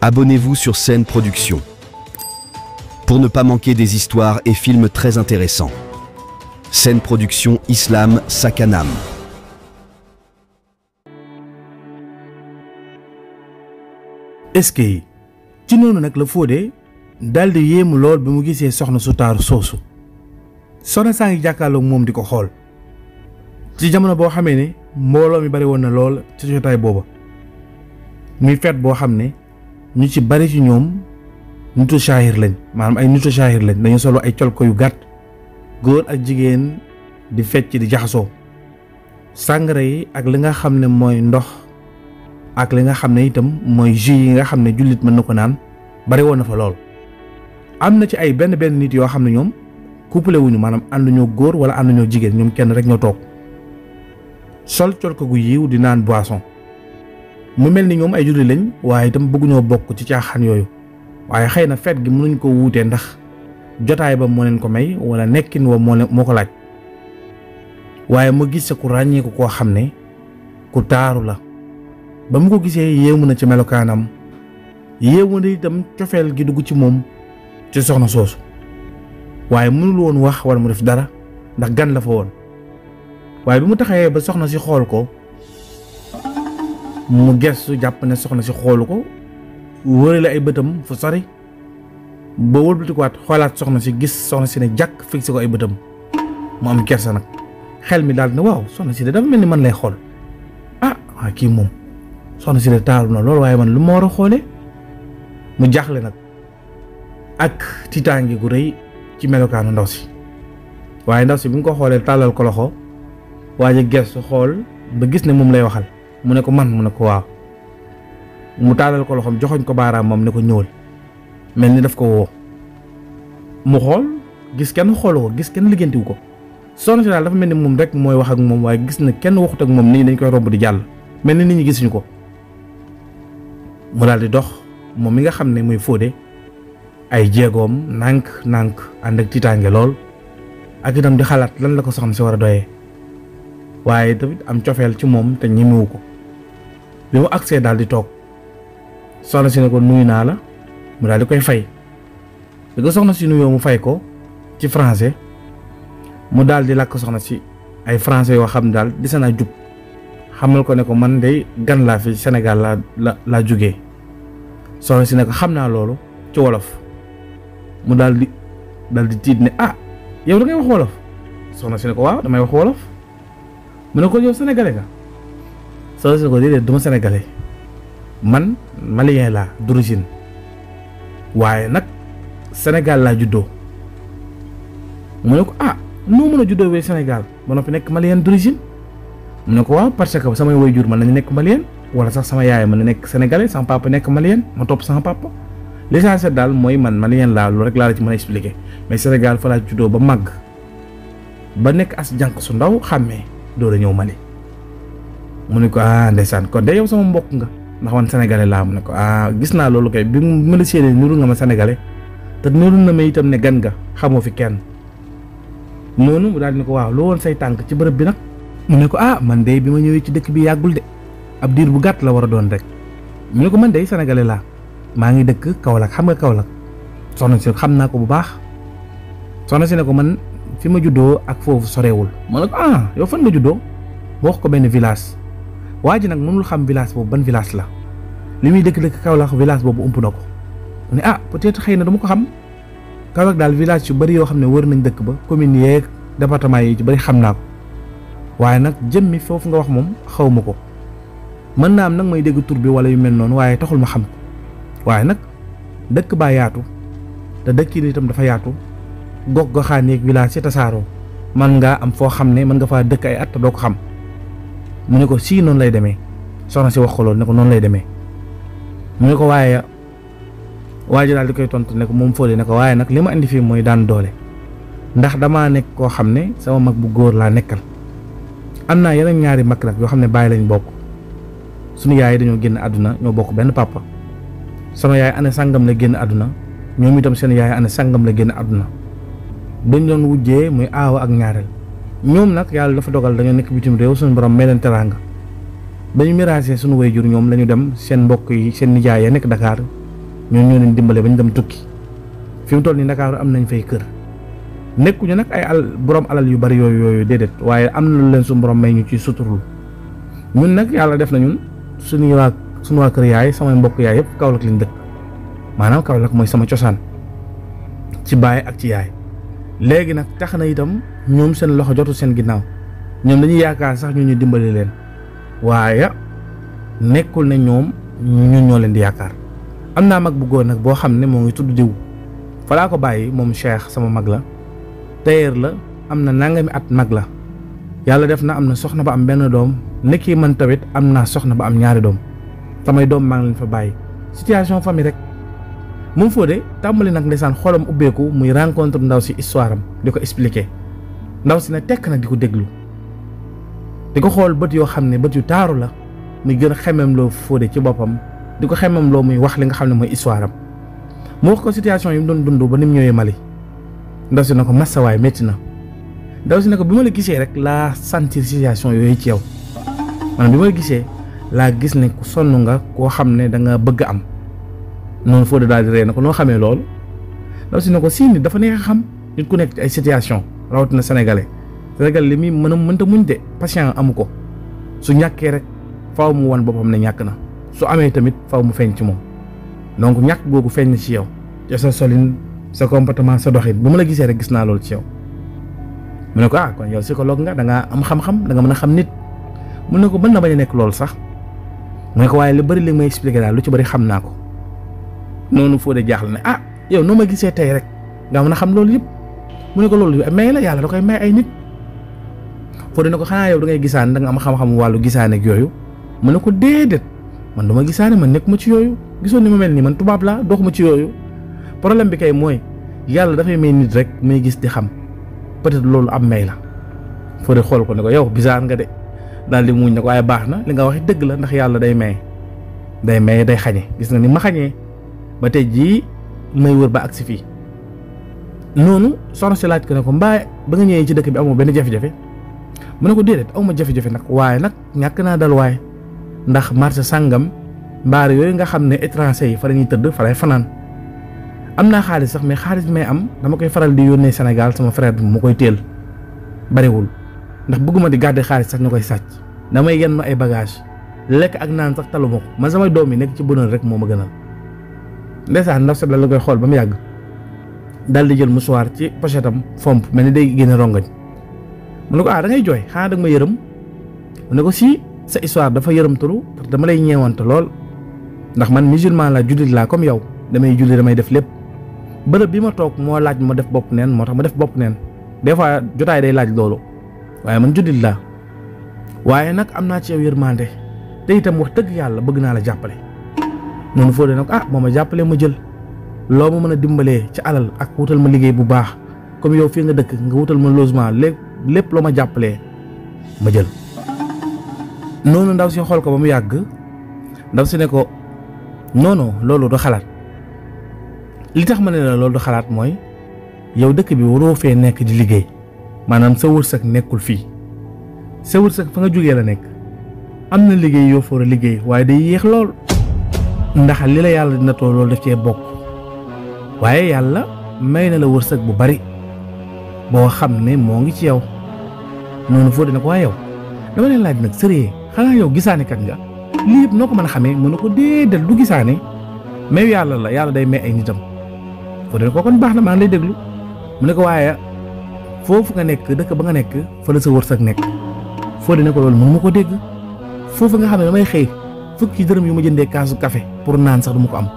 abonnez-vous sur Scène Production pour ne pas manquer des histoires et films très intéressants. Scène Production Islam Sakanam. SK ci noonu nag la Fodé dal de yéemu lol bi mu gisee soxna su tar soosu soxna saa ngi Boba. Mifat di ci jamono bo ne mbolo mi bari na ci jotaay bobo. muy bo xamné ñu ci bari ci ñoom nitu shaahir lañ maanaam ay nitu shaahir lañ dañu solo ay colko yu gàtt góor ak jigéen di fecc di jaxasoo sàngara yi ak li nga xam ne mooy ndox ak li nga xam ne itam mooy jus yi nga xam ne jullit mën na ko naan bari woon na lool am na ci ay benn benn nit yoo xam ne ñoom couple wuñu maanaam ànduñoo góor wala ànduñoo jigéen ñoom kenn rek ñoo toog sol colko gu yiw di naan boisson mu mel ni ñoom ay jullit lañ waaye itam bëgguñoo bokk ci caaxaan yooyu waaye xëy na feet gi mënuñ ko wuutee ndax jotaay ba moo leen ko may wala nekkin wa moo moo ko laaj waaye mu gis sa ku ràññeeku koo xam ne ku taaru la ba mu ko gisee yéemu na ci melokaanam yéemu na itam cofeel gi dugg ci moom ci soxna soosu waaye mënul woon wax wala mu def dara ndax gan la fa woon waaye bi mu taxawee ba soxna si xool ko mu gestu jàpp ne soxna si xoolu ko wërale ay bëtam fu sori ba wëlbatikuwaat xoolaat soxna si gis soxna si ne jàkk si ko ay bëtam mu am kersa nag xel mi daal ne waaw soxna si de dafa mel ni man lay xool ah waa kii moom soxna si de taaru na loolu waaye man lu ma war a xoolee mu jaaxle nag ak tiitaange ku rëy ci melokaanu ndaw si waaye ndaw si bi nga ko xoolee tàllal ko loxo waaye gestu xool ba gis ne moom lay waxal. mu ne ko man mu ne ko waaw mu taalal ko loxoom joxoñ ko baaraam baaraamam ne ko ñëwal mel ni daf ko woo mu xool gis kenn xoolu ko gis kenn liggéentiwu ko soxna si daal dafa mel ni moom rek mooy wax ak moom waaye gis na kenn waxut ak moom nit ñi dañ koy romb di jàll mel ni nit ñi gisuñu ko mu daal di dox moom mi nga xam ne muy Fodé ay jéegoom nànk nànk ànd ak tiitaange lool ak itam di xalaat lan la ko soxna si war a doyee waaye tamit am cofeel ci moom te ñemewu ko bi mu agsee daal di toog soxna si ne ko nuyu naa la mu daal di koy fay bi soxna si nuyoo mu fay ko ci français mu dal di làkk soxna si ay français yoo xam ne daal di seen a jub xamal ko ne ko man de gan laa fi senegal laa laa jógee soxna si ne ko xam naa loolu ci wolof mu daal di daal di tiit ne ah yow da ngay wax wolof soxna si ne ko waaw damay wax wolof mu ne ko yow sénégalais nga ça ko dédé duma sénégalais man malien la d'origine waye nak sénégal la juddo monoko ah no meuna juddo we sénégal ba nopi nek malien d'origine monoko wa ah, parce que sama way jur man nañ nek malien wala sax sama yaay man nek sénégalais sama papa nek malien mo top sama papa l'essentiel dal moy man malien la lu rek la ci meuna expliquer mais sénégal fa la juddo ba mag ba nek as jank su ndaw xamé do la ñew malien mune ah, ko ah ndaysan kon de yow sama mbokk nga ndax wan sénégalais la mune ko ah gis na lolu kay bi mu ma nuru nga ma sénégalais te nuru na may itam ne gan nga xamo fi kenn nonu mu dal ni ko waaw lo won say tank ci bërepp bi nak mune ko ah man day bima ma ci dëkk bi yagul de ab diir bu gatt la wara doon rek mune ko man day sénégalais la ma ngi dëkk Kaolack xam nga Kaolack sonu ci xam na ko bu baax sonu ci ne ko man fi ma juddoo ak foofu sorewul mune ko ah yow fan nga juddoo mu Vilas. ko benn village waa ji nag mënul xam village boobu ban village la li muy dëkk-dëkk Kaolack village boobu ump na ko ne ah peut-être xëy na dama ko xam Kaolack daal village yu bari yoo xam ne wër nañ dëkk ba commune yeeg département yi ci bari xam naa ko waaye nag jëm mi foofu nga wax moom xaw ma ko mën naa am nag may dégg tur bi wala yu mel noonu waaye taxul ma xam waaye nag dëkk baa yaatu te dëkk yi itam dafa yaatu gox goxaan yeeg village yi tasaaroo mën nga am foo xam ne mën nga faa dëkk ay at te ko xam. mu ne ko sii noonu lay demee soxna si wax ko ne ko noonu lay demee mu ne ko waaye waa ji daal di koy tontu ne ko moom fóole ne ko waaye nag li ma indi fii mooy daan doole ndax dama nekk koo xam ne sama mag bu góor laa nekkal am naa yeneen ñaari mag nag yoo xam ne bàyyi lañ bokk suñu yaay dañoo génn àdduna ñoo bokk benn papa sama yaay ane sàngam la génn àdduna ñoom itam seen yaay am ane sàngam la génn àdduna dañ doon wujjee muy aawa ak ñaareel. ñom nak yalla dafa dogal dañoo nek bitim rew suñu borom melen teranga ba ñu miraasee suñu wayjur ñom lañu dem seen mbokk yi seen nijaay ya nek Dakar ñoo ñoo leen dimbalé bañu dem tukki fi mu toll Dakar am nañ fay kër ñu nak ay al borom alal yu bari yoy yoy dedet waye am na leen suñu borom may ñu ci suturlu ñun nak yalla def na ñun suñu wa suñu wa kër yaay sama mbokk yaay yëpp kawlak liñ dëkk manam kawlak moy sama ciosan ci baye ak ci yaay léegi nag tax na itam ñoom seen loxo jotul seen ginnaaw ñoom dañuy yaakaar sax ñu ñu dimbali leen waaye nekkul ne ñoom ñun ñoo leen di yaakaar am naa mag bu góor nag boo xam ne moo ngi tudd diw falaa ko bàyyi moom Cheikh sama mag la tailleur la am na nangami at mag la yàlla def na am na soxna ba am benn doom nekki mën tamit am naa soxna ba am ñaari doom samay doom maa leen fa bàyyi situation famille rek moom Fodé tambali nak ndessane xolam ubbeeku muy rencontre ndaw si histoire am expliquer ndaw si na tek nak diko deglu diko xol beut yo bët beut yu taru la muy gën a lo loo Fodé ci bopam diko ko xemem loo muy wax li nga xam moy mooy histoire am mu wax ko situation yi mu doon dund ba nim mu Mali ndaw ci nako massa way metti na ndaw ci nako bima la gisé rek la sentir situation yoy ci yow man bima la gisé la gis ne ku sonu nga ko da nga bëgg am. noonu Fodé daal di ree na ko noo xamee loolu ndaw si ne ko si nit dafa neex xam nit ku nekk ci ay situation rawatina sénégalais sénégalais li muy mën a mënta muñ de patient amu ko su ñàkkee rek faaw mu wan boppam ne ñàkk na su amee tamit faaw mu feeñ ci moom donc ñàkk googu feeñ ci yow te sa solin sa comportement sa doxit bu ma la gisee rek gis naa loolu ci yow mu ne ko ah kon yow psychologue nga da ngaa am xam-xam da mën a xam nit mu ne ko mën bañ a nekk loolu sax mu waaye lu bëri li may expliqué lu ci bëri xam naa ko. noonu Fodé jaaxle ne ah yow noo ma gisee tey rek nga mën a xam loolu yëpp mu ne ko loolu yëpp may la yàlla da koy may ay nit Fodé ne ko xanaa yow da ngay gisaan da nga am xam-xam wàllu yooyu mu ne ko déedéet man du ma gisaane man nekk ma ci yooyu gisoon ni ma mel nii man tubaab laa dox ma ci yooyu problème bi kay mooy yàlla dafay may nit rek may gis di xam peut-être loolu am may la Fodé xool ko ne ko yow bizarre nga de daal di muñ ne ko waaye baax na li nga wax dëgg la ndax yàlla day may day may day xañe gis nga ni ma xañee. ba tay ji may wër ba agsi fi nonu soxna ci laaj ko ne ko ba nga ñëwee ci dëkk bi amu ben jafé jafé mu ne ko déedéet aw ma jafé jafe nak waaye nak ñàkk naa dal waye ndax marché sangam mbaar yoy nga xamné étranger yi fa lañuy tëdd fa lay fanan amna xaaliss sax mais xaaliss may am dama koy faral di yónnee Sénégal sama frère bi mu koy bari wul ndax bëgguma di garder xaaliss sax ñukoy sacc sàcc damay yenn ay bagage lek ak naan sax talumako man samay ci bonheur rek moma gënal ndeysaan ndaw sab la la koy xool ba mu yàgg daal di jël musuwaar ci pochette am fomp mel ni day génne rongañ mu ne ko ah da jooy xanaa da ma yërëm mu ne ko si sa histoire dafa yërëmtalu parce que dama lay ñeewante lool ndax man musulman laa jullit laa comme yow damay julli damay def lépp bërëb bi ma toog moo laaj ma def bopp neen moo tax ma def bopp neen des fois jotaay day laaj loolu waaye man jullit laa waaye nag am naa ci yow yërmande te itam wax dëgg yàlla bëgg naa la jàppale. noonu Fodé nag ah moo ma jàppalee ma jël loo ma mën a dimbalee ci alal ak wutal ma liggéey bu baax comme yow fii nga dëkk nga wutal ma logement lépp lépp loo ma jàppalee ma jël. noonu ndaw si xool ko ba mu yàgg ndaw si ne ko non loolu du xalaat li tax ma ne la loolu du xalaat mooy yow dëkk bi waroo fee nekk di liggéey maanaam sa wërsëg nekkul fii sa wërsëg fa nga jógee la nekk am na liggéey yoo fa war a liggéey waaye day yéex lool. ndax li la yàlla dina too loolu daf cee bokk waaye yàlla may na la wërsëg bu bari boo xam ne moo ngi ci yow noonu foo dina ko waaye yow dama leen laaj nag sëree xanaa yow gisaane kat nga lii yëpp noo ko mën a xame mën na ko déedéet du gisaane mais yàlla la yàlla day may ay nitam foo dina ko kon baax na maa ngi lay déglu mu ne ko waaye foofu nga nekk dëkk ba nga nekk fa la sa wërsëg nekk foo dina ko loolu mënu ko dégg foofu nga xam ne damay xëy fukki deureum yu ma jëndee kaasu café pour nan sax dum ko am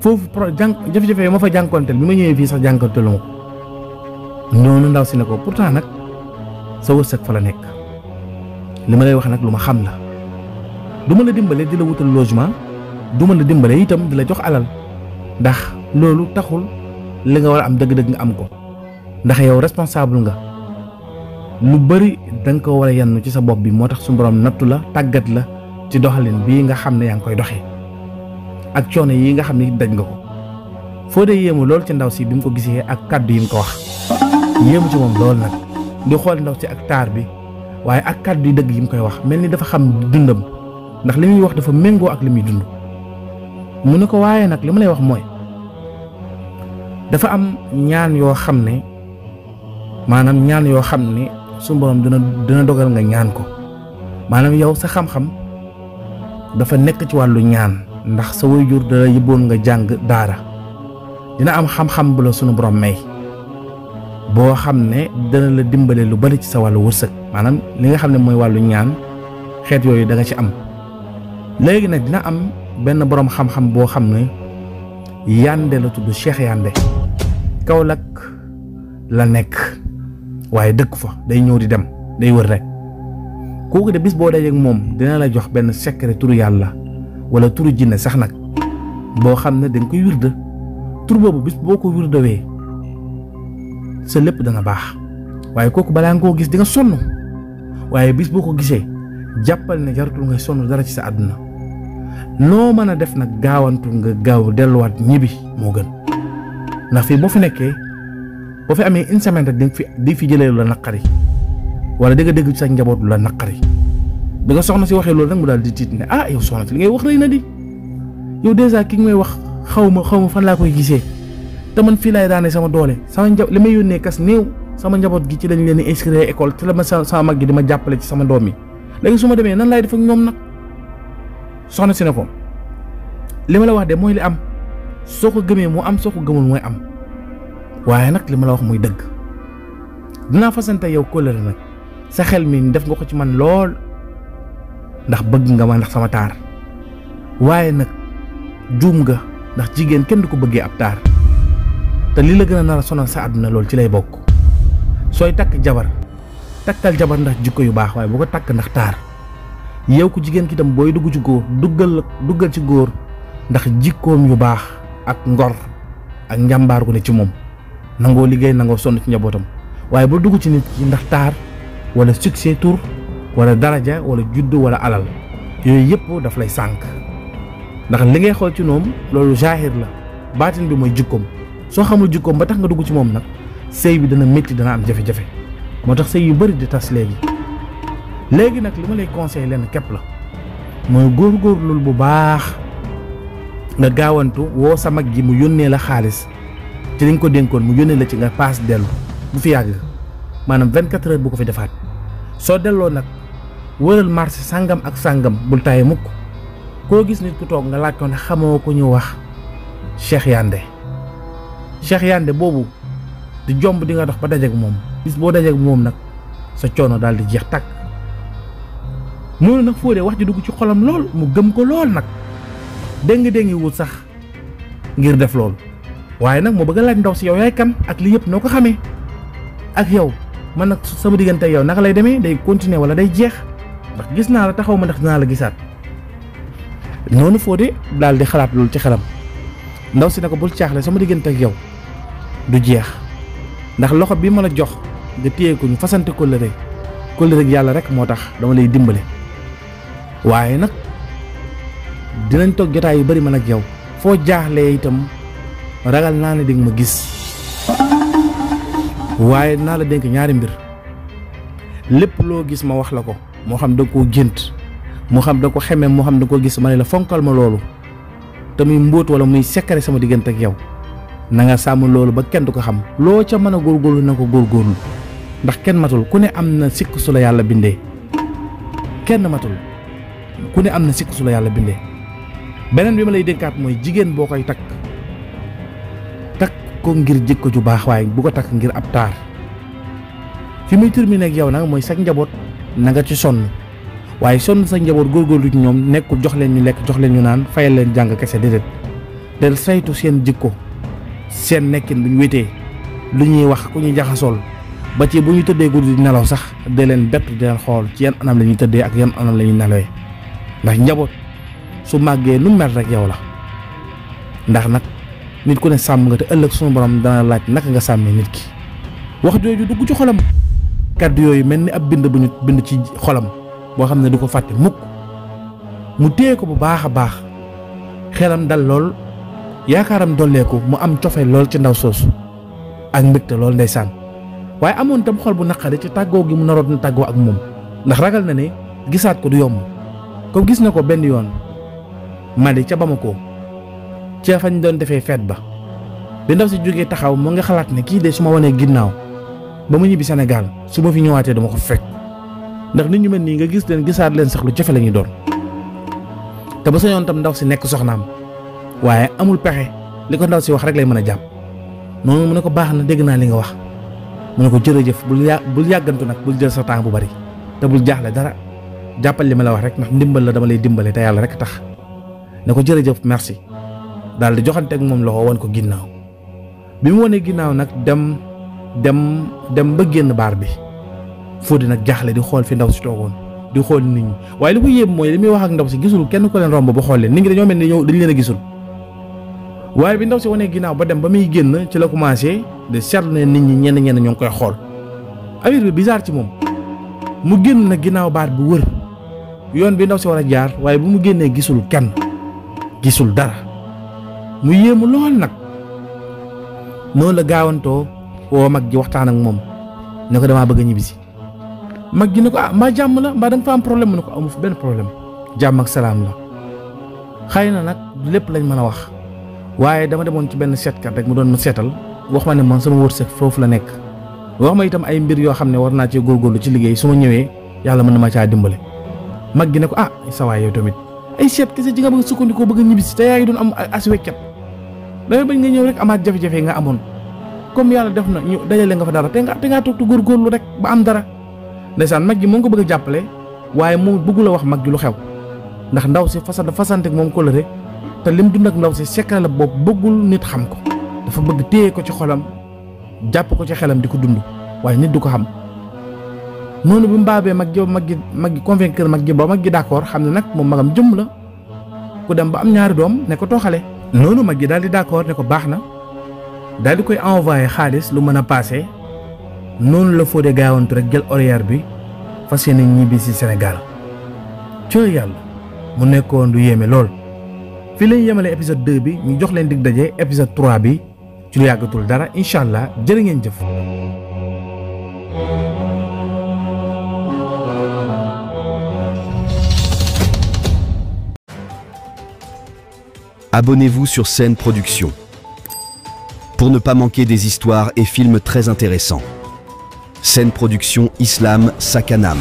fofu jang jàn jafe ma fa jànkonteel bima ñëwé fi sax jànkoonteelu ma ko ndaw si nako pourtant nak sa ak fa la nek lima lay wax nak luma xam la duma la dimbalé di wutal logement duma la dimbalé itam di jox alal ndax lolu taxul li nga wara am deug deug nga am ko ndax yow responsable nga lu bari dang ko wara yannu ci sa bop bi motax sun borom natula tagat la. ci doxalin bii nga xam ne yaa ngi koy doxe ak coono yi nga xam ne daj nga ko foo dee yéemu lool ci ndaw si bi mu ko gisee ak kàddu yi mu ko wax yéemu ci moom lool nag di xool ndaw si ak taar bi waaye ak kàddu yi dëgg yi mu koy wax mel ni dafa xam dundam ndax li muy wax dafa méngoo ak li muy dund mu ne ko waaye nag li ma lay wax mooy dafa am ñaan yoo xam ne maanaam ñaan yoo xam ne su borom dina dina dogal nga ñaan ko maanaam yow sa xam-xam dafa nekk ci wàllu ñaan ndax sa waajur dala yëboon nga jàng daara dina am xam-xam bu la sunu borom may boo xam ne dana la dimbale lu bari ci sa wàllu wërsëg maanaam li nga xam ne mooy wàllu ñaan xeet yooyu da nga ci am léegi nag dina am benn borom xam-xam boo xam ne yande la tudd Cheikh Yande Kaolack la nekk waaye dëkk fa day ñëw di dem day wër rek kooku de bis boo dajeek moom dina la jox benn secret turu yàlla wala turu jinne sax nag boo xam ne da koy wirda tur boobu bis boo ko wirdawee sa lépp danga baax waaye kooku balaa nga koo gis di nga sonn waaye bis boo ko gisee jàppal na jaratul ngay sonn dara ci sa àdduna noo mën a def nag gaawantu nga gaaw delluwaat ñibbi moo gën ndax fii boo fi nekkee boo fi amee une semaine rek fi di fi jëlee la naqari wala da nga dégg ci sa njaboot la naqari bi nga soxna si waxee loolu nag mu daal di tiit ne ah yow soxna si li ngay wax rëy na di yow dèjà ki ngay wax xawma ma xaw ma fan laa koy gisee te man fii laay daane sama doole sama njaboot li may yónnee kas néew sama njaboot gi ci lañ leen di inscrire école te la ma sama mag gi di ma jàppale ci sama doom yi léegi su ma demee nan laay def ñoom nag soxna si ne ko li ma la wax de mooy li am soo ko gëmee mu am soo ko gëmul mooy am waaye nag li ma la wax muy dëgg dinaa fasante yow kóllëre nag. sa xel mi def nga ko ci man lool ndax bëgg nga ma ndax sama taar waaye nag juum nga ndax jigéen kenn du ko bëggee ab taar te li la gën a nar a sonal sa àdduna lool ci lay bokk sooy takk jabar takkal jabar ndax jikko yu baax waaye bu ko takk ndax taar yow ku jigéen ki tam booy dugg ci góor duggal duggal ci góor ndax jikkoom yu baax ak ngor ak njàmbaar gu ne ci moom nangoo liggéey nangoo sonn ci njabootam waaye bu dugg ci nit ndax taar wala succès tour wala daraja wala juddu wala alal yooyu yëpp daf lay sànq ndax li ngay xool ci noom loolu jaahir la baatin bi mooy jikkoom soo xamul jikkoom ba tax nga dugg ci moom nag sëy bi dana métti dana am jafe-jafe moo tax sëy yu bari di tas léegi léegi nag li ma lay conseillé lenn képp la mooy góor góorgóorlu bu baax nga gaawantu woo sa mag ji mu yónnee la xaalis ci liñ ko dénkoon mu yónnee la ci nga paas dellu bu fi yàgg. manam 24 heures bu ko fi defat so delo nak wëral marché sangam ak sangam bul taye mukk ko gis nit ku tok nga Yande, ko ne ñu wax Cheikh yande Cheikh yande bobu di jomb di nga dox ba ak mom bis boo ak mom nak sa ciono dal di jeex tàkk noonu nag Fodé wax ji dug ci xolam lool mu gëm ko lool nak deng dengi wu sax ngir def loolu waye nak mo bëgg ndaw ci yow yaay kan ak li yëpp noko xamé ak yow man nak sama digënté yow nak lay démé day continuer wala day jéx ndax gis na la taxaw ma ndax dina la gisaat noonu Fodé dal di xalaat lool ci xalam ndaw si ne ko bul caaxle sama digënté ak yow du jéx ndax loxo bi mala jox de tiyé ko ñu leeré ko kóllëre ak yalla rek motax dama lay dimbalé waaye nak dinañ tok jotaay yu bari man ak yow fo jaxlé itam ragal naa ne ma gis waaye naa la dénk ñaari mbir lépp loo gis ma wax la ko moo xam da koo gént moo xam da ko xeme moo xam da ko gis ma ne la fonkal ma loolu te muy mbóot wala muy sekkare sama diggante ak yow na nga sàmm loolu ba kenn du ko xam loo ca mën a góorgóorlu na ko góorgóorlu ndax kenn matul ku ne am na sikk su la yàlla bindee kenn matul ku ne am na sikk su la yàlla bindee beneen bi ma lay dénkaat mooy jigéen boo koy takk ko ngir ko ju baax waaye bu ko takk ngir ab taar fi muy terminé ak yow nag mooy sa njaboot nanga ci sonn waaye sonn sa njaboot góorgóorlu ci ñoom nekkul jox leen ñu lekk jox leen ñu naan fayal leen jàng kese déedéet del saytu seen ko seen nekkin bu ñu wétee lu ñuy wax ku ñuy jaxasool ba ci bu ñu tëddee ko di nelaw sax de leen bett di leen xool ci yan anam la ñuy tëddee ak yan anam la ñuy nelawee ndax njaboot su màggee nu mel rek yow la ndax nit ku ne sàmm nga te ëllëg sunu borom dana laaj naka nga sàmmee nit ki wax jooju dugg ci xolam kàddu yooyu mel ni ab bind bu ñu bind ci xolam boo xam ne du ko fàtte mukk mu téye ko bu baax a baax xelam dal lool yaakaaram dolleeku mu am cofe lool ci ndaw soosu ak mbégte lool ndeysaan waaye amoon tam xol bu naqari ci tàggoo gi mu naroon na tàggoo ak moom ndax ragal na ne gisaat ko du yomb comme gis na ko benn yoon Mali ca ko ci fañ doon defé fête ba bi ndaw si jógee taxaw mo nga xalat né ki de suma woné ginnaw ba mu ñibi Sénégal su ma fi ñëwaaté dama ko fekk ndax nit ñu melni nga gis leen gisaat leen sax lu jafe la doon té ba sañon tam ndaw ci nekk soxnam waaye amul pexé liko ndaw si wax rek lay mëna a jàpp noonu mu ne ko baax na dégg na li nga wax mu ne ko jërëjëf bul bu bul yàggantu nag jël sa temps bu bari té bu jaxlé dara jappal li mala wax rek ndax ndimbal la dama lay dimbalé té yalla rek tax ne ko jërëjëf merci daal di joxante ak moom loxo wan ko ginnaaw bi mu wanee ginnaaw nag dem dem dem ba génn baar bi Fodé nag jaaxle di xool fi ndaw si toogoon di xool nit ñi waaye li ko mooy li muy wax ak ndaw si gisul kenn ko leen ba xool leen nit ñi dañoo mel ni ñëw dañ leen a bi ndaw si wanee ginnaaw ba dem ba muy génn ci la commencé de seetlu ne nit ñi ñenn ñenn ñoo koy xool affaire bi bizarre ci moom mu génn na ginnaaw baar bi wër yoon bi ndaw si war a jaar waaye bi mu génnee gisul kenn gisul dara. mu yéemu lool nag noonu la gaawantoo woo mag ji waxtaan ak moom ne ko damaa bëgg a ñibbisi mag ji ne ko ah mbaa jàmm la mbaa da nga fa am problème mu ne ko amu fi benn problème jàmm ak salaam la xay na nag lépp lañ mën a wax waaye dama demoon ci benn seetkat rek mu doon ma seetal wax ma ne man sama wërsëg foofu la nekk wax ma itam ay mbir yoo xam ne war naa cee góorgóorlu ci liggéey su ma ñëwee yàlla mën na ma caa dimbale mag gi ne ko ah sa waay tamit ay seet kese damay bañ nga ñëw rek amaat jafe-jafe nga amoon comme yàlla def na ñu dajale nga fa dara te nga te ngaa toog góorgóorlu rek ba am dara ndeysaan mag ji moo ngi ko bëgg a jàppale waaye moom bëggula wax mag ji lu xew ndax ndaw si fasante fasante moom coloré te lim dund ak ndaw si secret la boobu bëggul nit xam ko dafa bëgg téye ko ci xolam jàpp ko ci xelam di ko dund waaye nit du ko xam noonu bi mbaabee mag ji mag ji mag ji convaincre mag ji ba mag ji d'accord xam ne nag moom magam jëm la ku dem ba am ñaari doom ne ko tooxale noonu mag ji daal di d'accord ne ko baax na daal di koy envoyé xaalis lu mën a paase noonu la Fodé gaawantu rek jël horaire bi fas yéene ñibbi si Sénégal ci yàlla mu nekkoon du yéeme lool. fii lañ yemale épisode 2 bi ñu jox leen dig daje épisode 3 bi ci lu yàggatul dara incha allah jërë ngeen jëf. abonnez-vous sur Scène Productions pour ne pas manquer des histoires et films très intéressants. Scène Production Islam Sakanam.